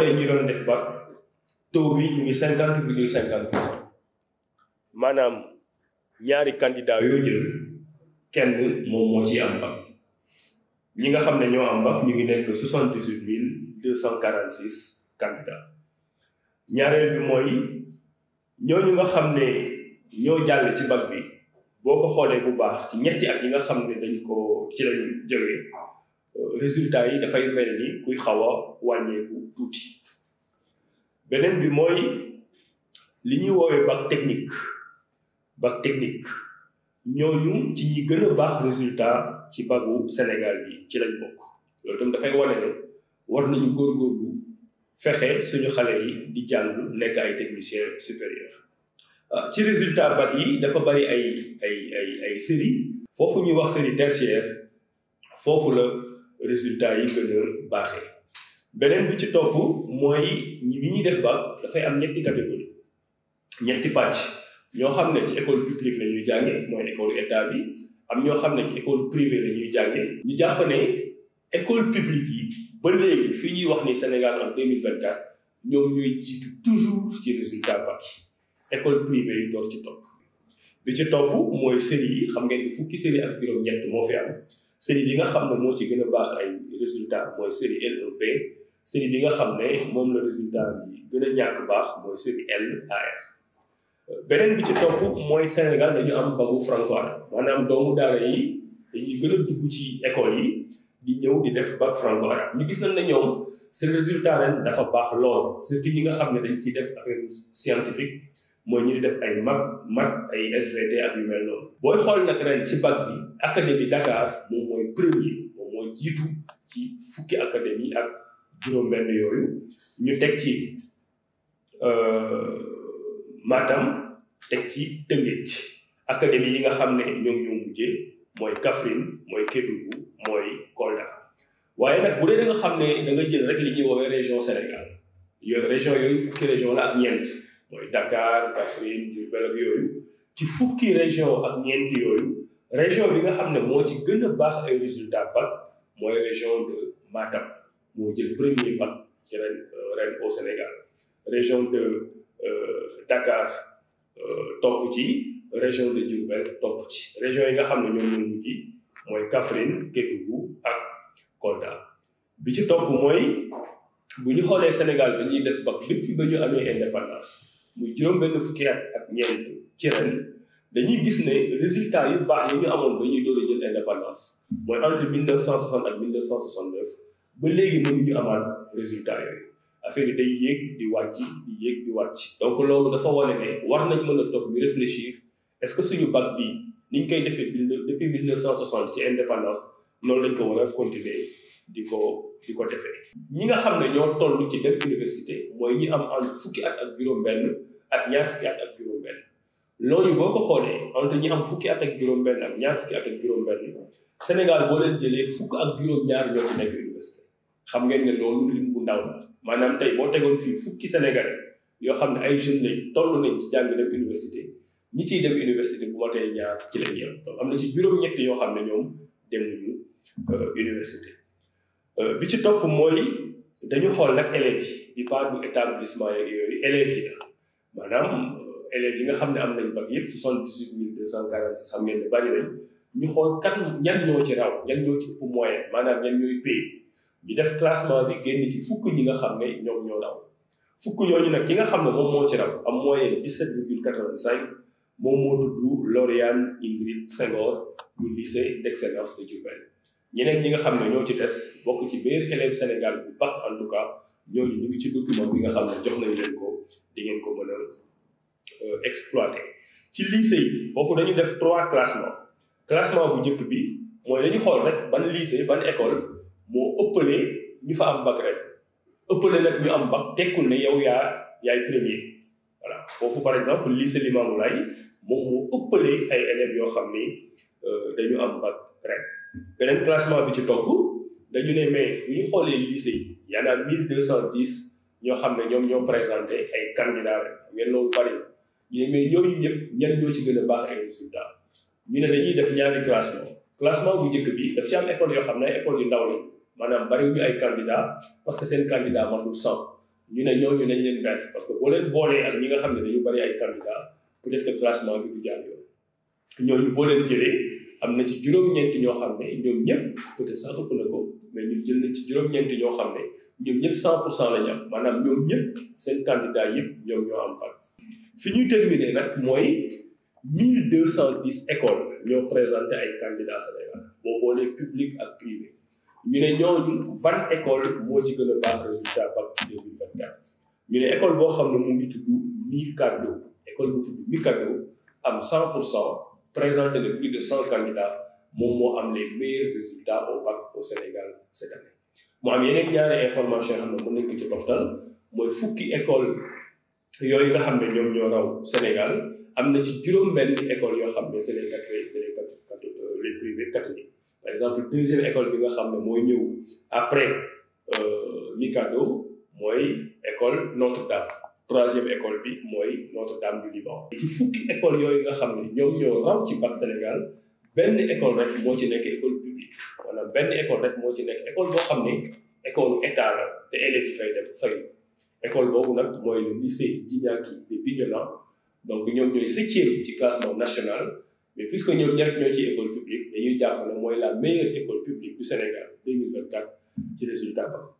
calcul yi ñu doon ba taux bi ñu ngi cinquante virgule cinquante maanaam ñaari candidat yoo jël kenn moom moo ci am bac ñi nga xam ne ñoo am bac ñu ngi nekk soixante dix huit mille deux cent quarante six candidats ñaareel bi mooy ñooñu nga xam ne ñoo jàll ci bac bi boo ko xoolee bu baax ci ñetti at yi nga xam ne dañ ko ci lañ jógee résultat yi dafay mel ni kuy xaw a wàññeeku tuuti beneen bi mooy li ñuy woowee bac technique bac technique ñooñu ci ñu gën a baax résultat ci bagu Sénégal bi ci lañ bokk loolu tam dafay wane ne war nañu góorgóorlu fexe suñu xale yi di jàng nekk ay technicien supérieur ah, ci résultat bac yi dafa bari ay ay ay série foofu ñuy wax série tertiaire foofu la résultats yi gën a baaxee beneen bi ci topp mooy ñi ñuy def ba dafay am ñetti catégorie ñetti pàcc ñoo xam ne ci école publique la ñuy jànge mooy école état bi am ñoo xam ne ci école privée la ñuy jànge ñu jàpp ne école publique yi ba léegi fi ñuy wax ni Sénégal en 2024 ñoom ñuy jiitu toujours ci résultat fac école privée yi door ci topp bi ci topp mooy série yi xam ngeen ni fukki série ak juróom-ñett moo fi am série bi nga xam ne moo ci gën a baax ay résultat mooy série l bi nga xam ne moom la résultat bi gën a ñàkk baax mooy série LAR beneen bi ci topp mooy Sénégal dañu am bagu franco-arabe maanaam doomu daara yi dañuy gën a dugg ci école yi di ñëw di def bac franco-arabe gis nañ na ñoom seen résultat ren dafa baax lool surtout ñi nga xam ne dañ ciy def affaire scientifique mooy ñu di def ay mag mag ay SVT ak yu mel booy xool nag ren ci bac bi académie Dakar moom mooy premier moom mooy jiitu ci fukki académie ak juróom-benn yooyu ñu teg ci euh, Matam teg ci Tëngéej académie yi nga xam ne ñoom ñoo mujjee mooy Kaffrine mooy Kédougou mooy Kolda waaye nag bu dee xam ne da nga jël rek li ñuy woowee région Sénégal yooyu région yooyu la ñeent mooy Dakar Kaffrine fukki région ak ñeent yooyu région bi nga xam ne moo ci gën a baax ay résultats bac mooy région de Matam moo jël premier bac ci ren euh, ren au Sénégal région de euh, Dakar euh, topp ci région de Diourbel ci région yi nga xam ne ñoom ñoo mujj mooy Kaffrine Kédougou ak Kolda bi ci topp mooy bu ñu xoolee Sénégal dañuy def bac depuis ba ñu amee indépendance muy juróom benn fukki ak ñeent ci ren. dañuy gis ne résultat yu baax yi ñu amoon ba ñuy doon jël indépendance mooy entre 1960 ak 1969 ba léegi mënuñu amaat résultat yooyu affaire yi day yéeg di wàcc di yéeg di wàcc. donc loolu dafa wane ne war nañ mën a toog ñu réfléchir est-ce que suñu bac bi ni ñu koy defee depuis 1960 ci indépendance noonu lañ ko war a continuer di ko di ko defee. ñi nga xam ne ñoo toll ci dem université mooy ñi am entre fukki at ak juróom-benn ak ñaar fukki at ak juróom-benn. loolu boo ko xoolee entre ñi am fukki at ak juróom-benn ak ñaar fukki at ak juróom-benn Sénégal boo leen jëlee fukk ak juróom-ñaar ñoo nekk université xam ngeen ne loolu lim bu ndaw la maanaam tey boo tegoon fii fukki Sénégalais yoo xam ne ay jeunes lañ toll nañ ci jàng dem université ñi ciy dem université bu matee ñaar ci lañ yem na ci juróom-ñett yoo xam ne ñoom demuñu euh, université euh, bi ci topp mooy dañu xool nag élèves yi di part bu établissement yeeg yooyu élèves yi la élèves yi nga xam ne am nañ bac yëpp soixante-dix-huit mille deux cent quarante-six xam ngeen ne bari ñu xool kan ñan ñoo ci raw ñan ñoo ci ëpp moyen maanaam ñan ñooy pay ñu def classement bi génn ci fukk ñi nga xam ne ñoom ñoo raw fukk ñooñu nag ki nga xam ne moom moo ci raw am moyen dix-sept virgule quatre-vingt-cinq moom moo tudd Lauriane Ingrid Senghor bu lycée d'excellence de Diourbel ñeneen ñi nga xam ne ñoo ci des bokk ci biir élève Sénégal bu bac en tout cas ñooñu ñu ngi ci document bi nga xam jox nañu leen ko di ngeen ko Euh, exploité ci lycée yi foofu dañu def trois classements classement bu njëkk bi mooy dañu xool rek ban lycée ban école moo ëppalee ñu fa am bac rek ëppale nag ñu am bac tekkul ne yow yaa yaay premier voilà foofu par exemple lycée Limamoulaye moom moo ëppalee ay élèves yoo xam ni euh, dañu am bac rek beneen classement bi ci topp dañu ne mais bu ñu xoolee lycée yi y en a mille deux cent dix ñoo xam ne ñoom ñoo présenté ay candidats rek ngeen loolu bari ñu ne mais ñooñu ñëpp ñan gën a baax ay résultat ñu ne dañuy def ñaari classement classement bu bi daf ci yoo xam ne école yu ndaw la maanaam bariwuñu ay parce que seen candidat matul cent ñu ne ñooñu nañ leen daj parce que boo leen boolee ñi nga xam ne dañu bari ay candidat peut-être que classement bi boo leen jëlee am na ci juróom-ñeenti ñoo xam ne ñoom ñëpp peut-être sax ëpp na ko mais ñun jël nañ ci juróom-ñeenti ñoo xam ne ñoom ñëpp 100 pour cent la ñu am maanaam ñoom ñëpp seen candidat yëpp ñoom ñoo am par Fini terminé, il y a 1210 écoles qui ont présenté des candidats Sénégal pour les publics et privés. Il y a 20 écoles qui ont eu le résultat en 2024. Il y a une école eu 1000 cadeaux. école qui 1000 cadeaux 100% présenté de plus de 100 candidats qui ont eu les meilleurs résultats au bac au Sénégal cette année. Il y a une information qui a eu le résultat en Il y a une yooyu nga xam ne ñoom ñoo raw Sénégal am na ci juróom-benn école yoo xam ne c'est les catholiques c'est les catholiques euh, les privés par exemple deuxième école bi nga xam ne mooy ñëw après euh, Mikado mooy école Notre-Dame troisième école bi mooy Notre-Dame du Liban. ci fukki école yooyu nga xam ne ñoom ñoo raw ci bac Sénégal benn école rek moo ci nekk école publique maanaam benn école rek moo ci nekk école boo xam ne école état la te élèves yi fay dem fay école boobu nag le lycée d'Ignaki de Bignona donc ñoom ñooy septième du classement national mais puisque ñoom avons ñoo école publique dañuy jàpp ne la meilleure école publique du Sénégal 2024 ci résultat